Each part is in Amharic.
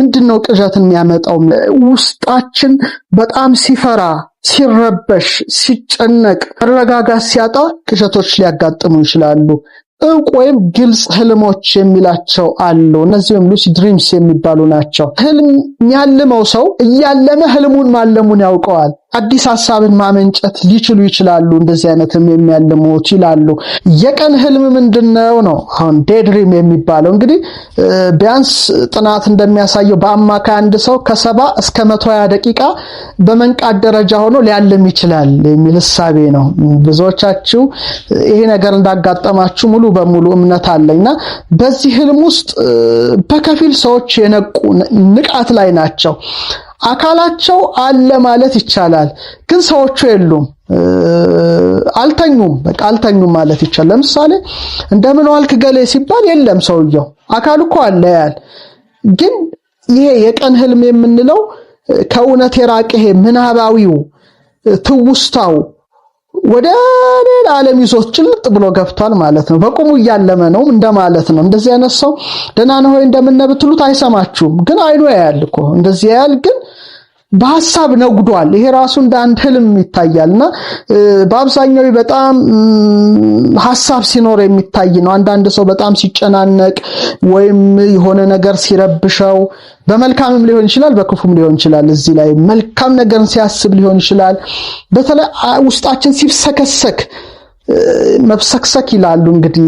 ለምንድን ነው ቅዠትን የሚያመጣው? ውስጣችን በጣም ሲፈራ፣ ሲረበሽ፣ ሲጨነቅ፣ መረጋጋት ሲያጣ ቅዠቶች ሊያጋጥሙ ይችላሉ። እውቅ ወይም ግልጽ ህልሞች የሚላቸው አሉ። እነዚህም ሉሲ ድሪምስ የሚባሉ ናቸው። ህልም የሚያልመው ሰው እያለመ ህልሙን ማለሙን ያውቀዋል። አዲስ ሀሳብን ማመንጨት ሊችሉ ይችላሉ። እንደዚህ አይነትም የሚያልሙት ይላሉ። የቀን ህልም ምንድን ነው ነው? አሁን ዴድሪም የሚባለው እንግዲህ ቢያንስ ጥናት እንደሚያሳየው በአማካይ አንድ ሰው ከሰባ እስከ መቶ ሀያ ደቂቃ በመንቃት ደረጃ ሆኖ ሊያልም ይችላል የሚል ህሳቤ ነው። ብዙዎቻችሁ ይሄ ነገር እንዳጋጠማችሁ ሙሉ በሙሉ እምነት እና በዚህ ህልም ውስጥ በከፊል ሰዎች የነቁ ንቃት ላይ ናቸው። አካላቸው አለ ማለት ይቻላል፣ ግን ሰዎቹ የሉም አልተኙም። በቃ አልተኙም ማለት ይቻላል። ለምሳሌ እንደምን ዋልክ ገሌ ሲባል የለም ሰውየው። አካል እኮ አለ ያል፣ ግን ይሄ የቀን ህልም የምንለው ከእውነት የራቀ ይሄ ምናባዊው ትውስታው ወደ ሌላ ዓለም ይዞት ጭልጥ ብሎ ገብቷል ማለት ነው። በቁሙ እያለመ ነው እንደማለት ነው። እንደዚህ አይነት ሰው ደህና ነህ ወይ እንደምነህ ብትሉት አይሰማችሁም፣ ግን አይኑ ያያል እኮ እንደዚህ ያያል ግን በሀሳብ ነጉዷል። ይሄ ራሱ እንደ አንድ ህልም ይታያል እና በአብዛኛው በጣም ሀሳብ ሲኖር የሚታይ ነው። አንዳንድ ሰው በጣም ሲጨናነቅ ወይም የሆነ ነገር ሲረብሸው በመልካምም ሊሆን ይችላል፣ በክፉም ሊሆን ይችላል። እዚህ ላይ መልካም ነገርን ሲያስብ ሊሆን ይችላል። በተለይ ውስጣችን ሲብሰከሰክ መብሰክሰክ ይላሉ እንግዲህ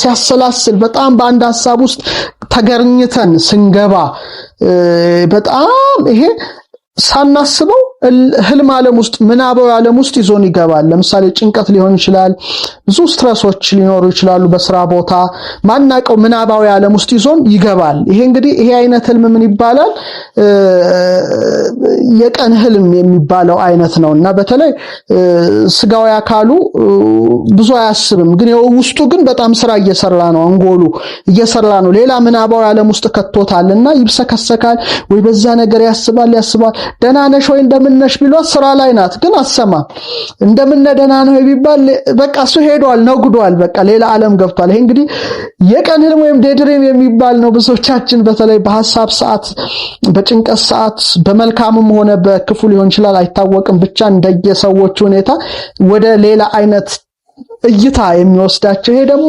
ሲያሰላስል በጣም በአንድ ሀሳብ ውስጥ ተገርኝተን ስንገባ በጣም ይሄ ሳናስበው ህልም ዓለም ውስጥ ምናባዊ ዓለም ውስጥ ይዞን ይገባል። ለምሳሌ ጭንቀት ሊሆን ይችላል። ብዙ ስትረሶች ሊኖሩ ይችላሉ። በስራ ቦታ ማናቀው ምናባዊ ዓለም ውስጥ ይዞን ይገባል። ይሄ እንግዲህ ይሄ አይነት ህልም ምን ይባላል? የቀን ህልም የሚባለው አይነት ነው እና በተለይ ስጋዊ አካሉ ብዙ አያስብም፣ ግን ውስጡ ግን በጣም ስራ እየሰራ ነው። አንጎሉ እየሰራ ነው። ሌላ ምናባዊ ዓለም ውስጥ ከቶታል እና ይብሰከሰካል ወይ በዛ ነገር ያስባል ያስባል ደህና ነሽ ወይ እንደምን ነሽ ቢሏት ስራ ላይ ናት፣ ግን አሰማም። እንደምነደና ነው ቢባል በቃ እሱ ሄዷል፣ ነጉዷል፣ በቃ ሌላ ዓለም ገብቷል። ይሄ እንግዲህ የቀን ህልም ወይም ዴድሬም የሚባል ነው። ብዙዎቻችን በተለይ በሀሳብ ሰዓት፣ በጭንቀት ሰዓት፣ በመልካምም ሆነ በክፉ ሊሆን ይችላል፣ አይታወቅም። ብቻ እንደየሰዎች ሁኔታ ወደ ሌላ አይነት እይታ የሚወስዳቸው ይሄ ደግሞ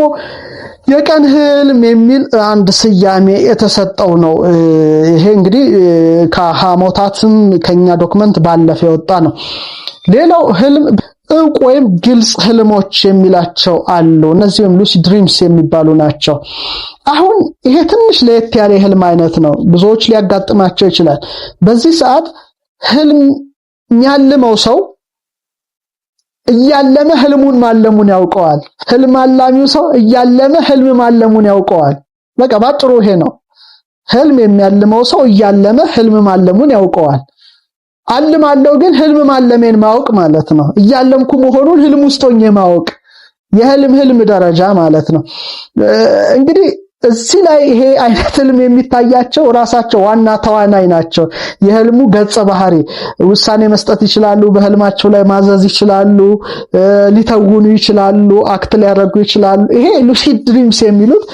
የቀን ህልም የሚል አንድ ስያሜ የተሰጠው ነው። ይሄ እንግዲህ ከሐሞታትም ከኛ ዶክመንት ባለፈ የወጣ ነው። ሌላው ህልም እውቅ ወይም ግልጽ ህልሞች የሚላቸው አሉ። እነዚህም ሉሲ ድሪምስ የሚባሉ ናቸው። አሁን ይሄ ትንሽ ለየት ያለ የህልም አይነት ነው። ብዙዎች ሊያጋጥማቸው ይችላል። በዚህ ሰዓት ህልም የሚያልመው ሰው እያለመ ህልሙን ማለሙን ያውቀዋል። ህልም አላሚው ሰው እያለመ ህልም ማለሙን ያውቀዋል። በቃ ባጭሩ ይሄ ነው። ህልም የሚያልመው ሰው እያለመ ህልም ማለሙን ያውቀዋል። አልማለው ግን ህልም ማለሜን ማወቅ ማለት ነው። እያለምኩ መሆኑን ህልም ውስጥ ሆኜ ማወቅ የህልም ህልም ደረጃ ማለት ነው እንግዲህ እዚህ ላይ ይሄ አይነት ህልም የሚታያቸው ራሳቸው ዋና ተዋናይ ናቸው። የህልሙ ገጸ ባህሪ ውሳኔ መስጠት ይችላሉ። በህልማቸው ላይ ማዘዝ ይችላሉ። ሊተውኑ ይችላሉ። አክት ሊያደርጉ ይችላሉ። ይሄ ሉሲድ ድሪምስ የሚሉት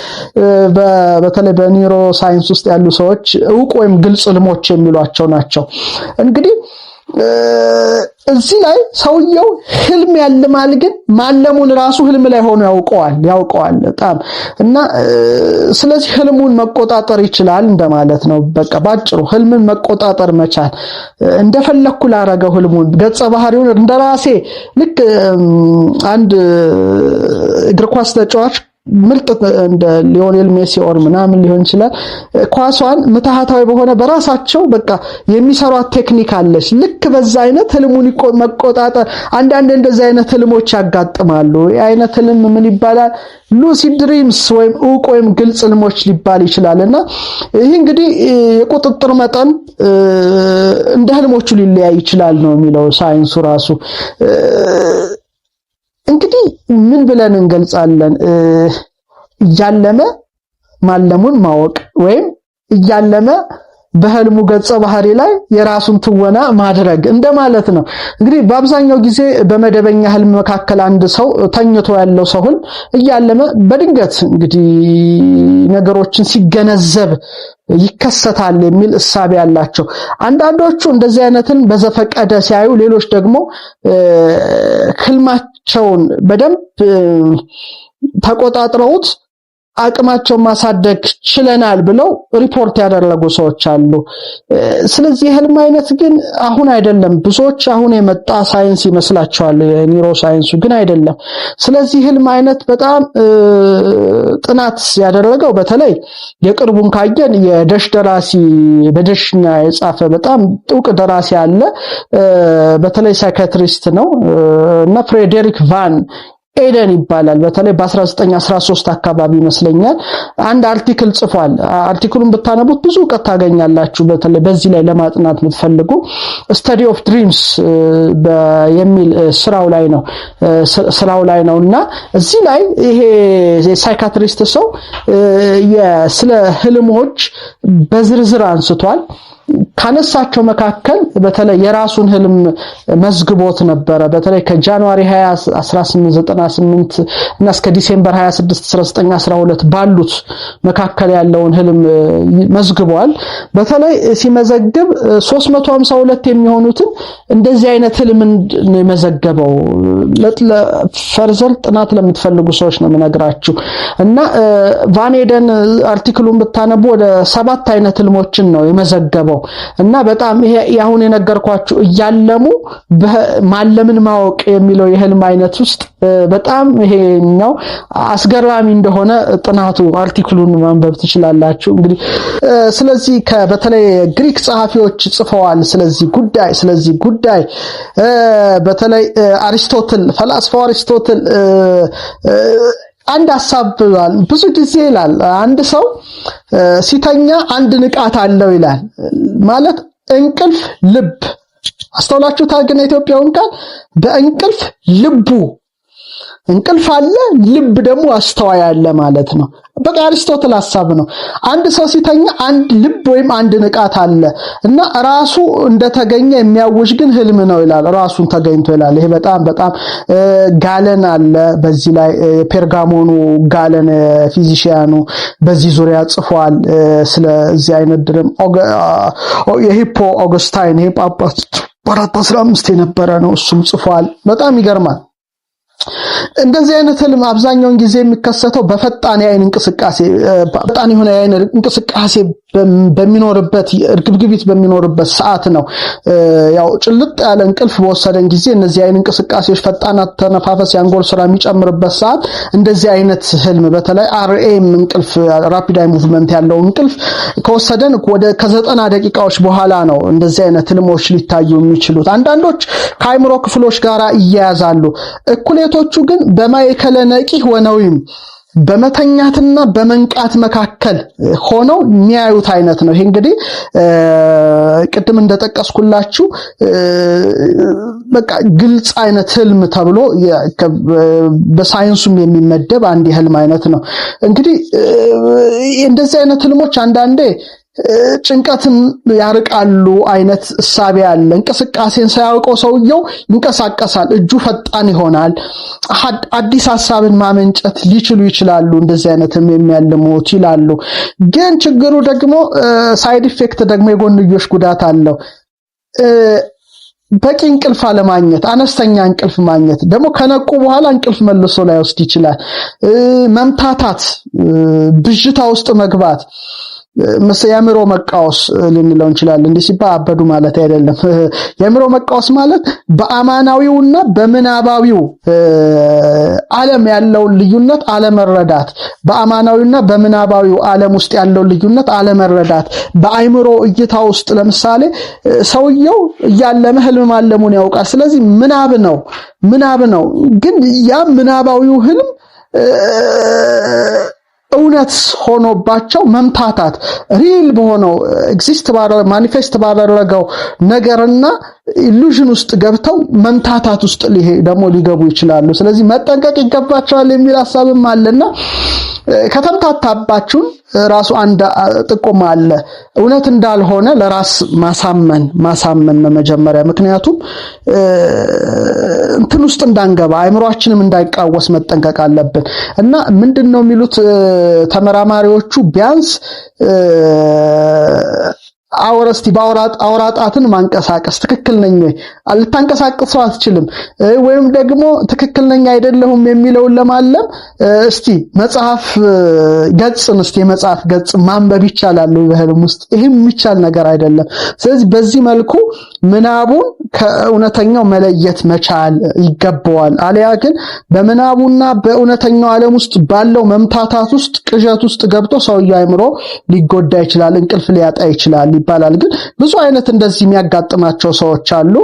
በተለይ በኒውሮ ሳይንስ ውስጥ ያሉ ሰዎች እውቅ ወይም ግልጽ ህልሞች የሚሏቸው ናቸው እንግዲህ እዚህ ላይ ሰውየው ህልም ያልማል፣ ግን ማለሙን ራሱ ህልም ላይ ሆኖ ያውቀዋል ያውቀዋል በጣም እና ስለዚህ ህልሙን መቆጣጠር ይችላል እንደማለት ነው። በቃ ባጭሩ ህልምን መቆጣጠር መቻል፣ እንደፈለግኩ ላረገው ህልሙን ገጸ ባህሪውን እንደራሴ ልክ አንድ እግር ኳስ ተጫዋች ምርጥ እንደ ሊዮኔል ሜሲ ኦር ምናምን ሊሆን ይችላል። ኳሷን ምትሃታዊ በሆነ በራሳቸው በቃ የሚሰሯት ቴክኒክ አለች። ልክ በዛ አይነት ህልሙን መቆጣጠር አንዳንድ እንደዚ አይነት ህልሞች ያጋጥማሉ። ይህ አይነት ህልም ምን ይባላል? ሉሲድ ድሪምስ ወይም እውቅ ወይም ግልጽ ህልሞች ሊባል ይችላል እና ይህ እንግዲህ የቁጥጥር መጠን እንደ ህልሞቹ ሊለያይ ይችላል ነው የሚለው ሳይንሱ ራሱ። እንግዲህ ምን ብለን እንገልጻለን? እያለመ ማለሙን ማወቅ ወይም እያለመ በህልሙ ገጸ ባህሪ ላይ የራሱን ትወና ማድረግ እንደማለት ነው። እንግዲህ በአብዛኛው ጊዜ በመደበኛ ህልም መካከል አንድ ሰው ተኝቶ ያለው ሰው ህልም እያለመ በድንገት እንግዲህ ነገሮችን ሲገነዘብ ይከሰታል የሚል እሳቤ ያላቸው አንዳንዶቹ እንደዚህ አይነትን በዘፈቀደ ሲያዩ፣ ሌሎች ደግሞ ህልማቸውን በደንብ ተቆጣጥረውት አቅማቸውን ማሳደግ ችለናል ብለው ሪፖርት ያደረጉ ሰዎች አሉ። ስለዚህ የህልም አይነት ግን አሁን አይደለም። ብዙዎች አሁን የመጣ ሳይንስ ይመስላቸዋል፣ የኒውሮ ሳይንሱ ግን አይደለም። ስለዚህ ህልም አይነት በጣም ጥናት ያደረገው በተለይ የቅርቡን ካየን የደሽ ደራሲ በደሽኛ የጻፈ በጣም ጥውቅ ደራሲ አለ። በተለይ ሳይካትሪስት ነው እና ፍሬዴሪክ ቫን ኤደን ይባላል። በተለይ በ1913 አካባቢ ይመስለኛል አንድ አርቲክል ጽፏል። አርቲክሉን ብታነቡት ብዙ እውቀት ታገኛላችሁ። በተለይ በዚህ ላይ ለማጥናት የምትፈልጉ ስተዲ ኦፍ ድሪምስ የሚል ስራው ላይ ነው ስራው ላይ ነው እና እዚህ ላይ ይሄ ሳይካትሪስት ሰው ስለ ህልሞች በዝርዝር አንስቷል። ካነሳቸው መካከል በተለይ የራሱን ህልም መዝግቦት ነበረ። በተለይ ከጃንዋሪ 20 1898 እና እስከ ዲሴምበር 26 1912 ባሉት መካከል ያለውን ህልም መዝግቧል። በተለይ ሲመዘግብ 352 የሚሆኑትን እንደዚህ አይነት ህልም ነው የመዘገበው። ፈርዘር ጥናት ለምትፈልጉ ሰዎች ነው የምነግራችሁ እና ቫኔደን አርቲክሉን ብታነቡ ወደ ሰባት አይነት ህልሞችን ነው የመዘገበው። እና በጣም ይሄ አሁን የነገርኳችሁ እያለሙ ማለምን ማወቅ የሚለው የህልም አይነት ውስጥ በጣም ይሄኛው አስገራሚ እንደሆነ ጥናቱ አርቲክሉን ማንበብ ትችላላችሁ። እንግዲህ ስለዚህ በተለይ ግሪክ ጸሐፊዎች ጽፈዋል ስለዚህ ጉዳይ ስለዚህ ጉዳይ በተለይ አሪስቶትል ፈላስፋው አሪስቶትል አንድ ሀሳብ ብዙ ጊዜ ይላል አንድ ሰው ሲተኛ አንድ ንቃት አለው ይላል። ማለት እንቅልፍ ልብ አስተውላችሁታል። ግን ኢትዮጵያውን ቃል በእንቅልፍ ልቡ እንቅልፍ አለ፣ ልብ ደግሞ አስተዋይ አለ ማለት ነው። በቃ አሪስቶትል ሀሳብ ነው። አንድ ሰው ሲተኛ አንድ ልብ ወይም አንድ ንቃት አለ እና ራሱ እንደተገኘ የሚያውጅ ግን ህልም ነው ይላል። ራሱን ተገኝቶ ይላል። ይሄ በጣም በጣም ጋለን አለ። በዚህ ላይ ፔርጋሞኑ ጋለን ፊዚሽያኑ በዚህ ዙሪያ ጽፏል። ስለዚህ አይነት ድርም የሂፖ አውገስታይን ይሄ ጳጳስ በአራት አስራ አምስት የነበረ ነው። እሱም ጽፏል። በጣም ይገርማል። እንደዚህ አይነት ህልም አብዛኛውን ጊዜ የሚከሰተው በፈጣን የአይን እንቅስቃሴ ፈጣን የሆነ የአይን እንቅስቃሴ በሚኖርበት እርግብግቢት በሚኖርበት ሰዓት ነው። ያው ጭልጥ ያለ እንቅልፍ በወሰደን ጊዜ እነዚህ አይን እንቅስቃሴዎች፣ ፈጣን አተነፋፈስ፣ የአንጎል ስራ የሚጨምርበት ሰዓት እንደዚህ አይነት ህልም በተለይ አርኤም እንቅልፍ ራፒድ አይ ሙቭመንት ያለው እንቅልፍ ከወሰደን ወደ ከዘጠና ደቂቃዎች በኋላ ነው እንደዚህ አይነት ህልሞች ሊታዩ የሚችሉት። አንዳንዶች ከአይምሮ ክፍሎች ጋር እያያዛሉ እኩሌቶቹ ግን በማዕከለ ነቂህ ወነዊም በመተኛትና በመንቃት መካከል ሆነው የሚያዩት አይነት ነው። ይሄ እንግዲህ ቅድም እንደጠቀስኩላችሁ በቃ ግልጽ አይነት ህልም ተብሎ በሳይንሱም የሚመደብ አንድ የህልም አይነት ነው። እንግዲህ እንደዚህ አይነት ህልሞች አንዳንዴ ጭንቀትን ያርቃሉ አይነት እሳቤ ያለ እንቅስቃሴን ሳያውቀው ሰውየው ይንቀሳቀሳል፣ እጁ ፈጣን ይሆናል። አዲስ ሀሳብን ማመንጨት ሊችሉ ይችላሉ፣ እንደዚህ አይነትም የሚያልሙት ይላሉ። ግን ችግሩ ደግሞ ሳይድ ኢፌክት ደግሞ የጎንዮሽ ጉዳት አለው። በቂ እንቅልፍ አለማግኘት፣ አነስተኛ እንቅልፍ ማግኘት ደግሞ ከነቁ በኋላ እንቅልፍ መልሶ ላይወስድ ይችላል። መምታታት፣ ብዥታ ውስጥ መግባት የአእምሮ መቃወስ ልንለው እንችላለን። እንዲህ ሲባል አበዱ ማለት አይደለም። የአእምሮ መቃወስ ማለት በአማናዊውና በምናባዊው ዓለም ያለውን ልዩነት አለመረዳት፣ በአማናዊውና በምናባዊው ዓለም ውስጥ ያለውን ልዩነት አለመረዳት፣ በአእምሮ እይታ ውስጥ ለምሳሌ ሰውየው እያለመ ህልም ማለሙን ያውቃል። ስለዚህ ምናብ ነው ምናብ ነው፣ ግን ያ ምናባዊው ህልም እውነት ሆኖባቸው መምታታት ሪል በሆነው ኤግዚስት ማኒፌስት ባደረገው ነገርና ኢሉዥን ውስጥ ገብተው መንታታት ውስጥ ደግሞ ሊገቡ ይችላሉ። ስለዚህ መጠንቀቅ ይገባቸዋል የሚል ሀሳብም አለና ከተምታታባችሁን ራሱ አንድ ጥቆማ አለ። እውነት እንዳልሆነ ለራስ ማሳመን ማሳመን መጀመሪያ። ምክንያቱም እንትን ውስጥ እንዳንገባ አእምሯችንም እንዳይቃወስ መጠንቀቅ አለብን እና ምንድን ነው የሚሉት ተመራማሪዎቹ ቢያንስ አወረስቲ አውራጣትን ማንቀሳቀስ ትክክል ነኝ ልታንቀሳቅሰው አትችልም፣ ወይም ደግሞ ትክክል ነኝ አይደለሁም የሚለውን ለማለም እስቲ መጽሐፍ ገጽን እስቲ የመጽሐፍ ገጽ ማንበብ ይቻላል በህልም ውስጥ። ይህም የሚቻል ነገር አይደለም። ስለዚህ በዚህ መልኩ ምናቡን ከእውነተኛው መለየት መቻል ይገባዋል። አሊያ ግን በምናቡና በእውነተኛው ዓለም ውስጥ ባለው መምታታት ውስጥ ቅዠት ውስጥ ገብቶ ሰውየው አይምሮ ሊጎዳ ይችላል፣ እንቅልፍ ሊያጣ ይችላል። ይባላል። ግን ብዙ አይነት እንደዚህ የሚያጋጥማቸው ሰዎች አሉ።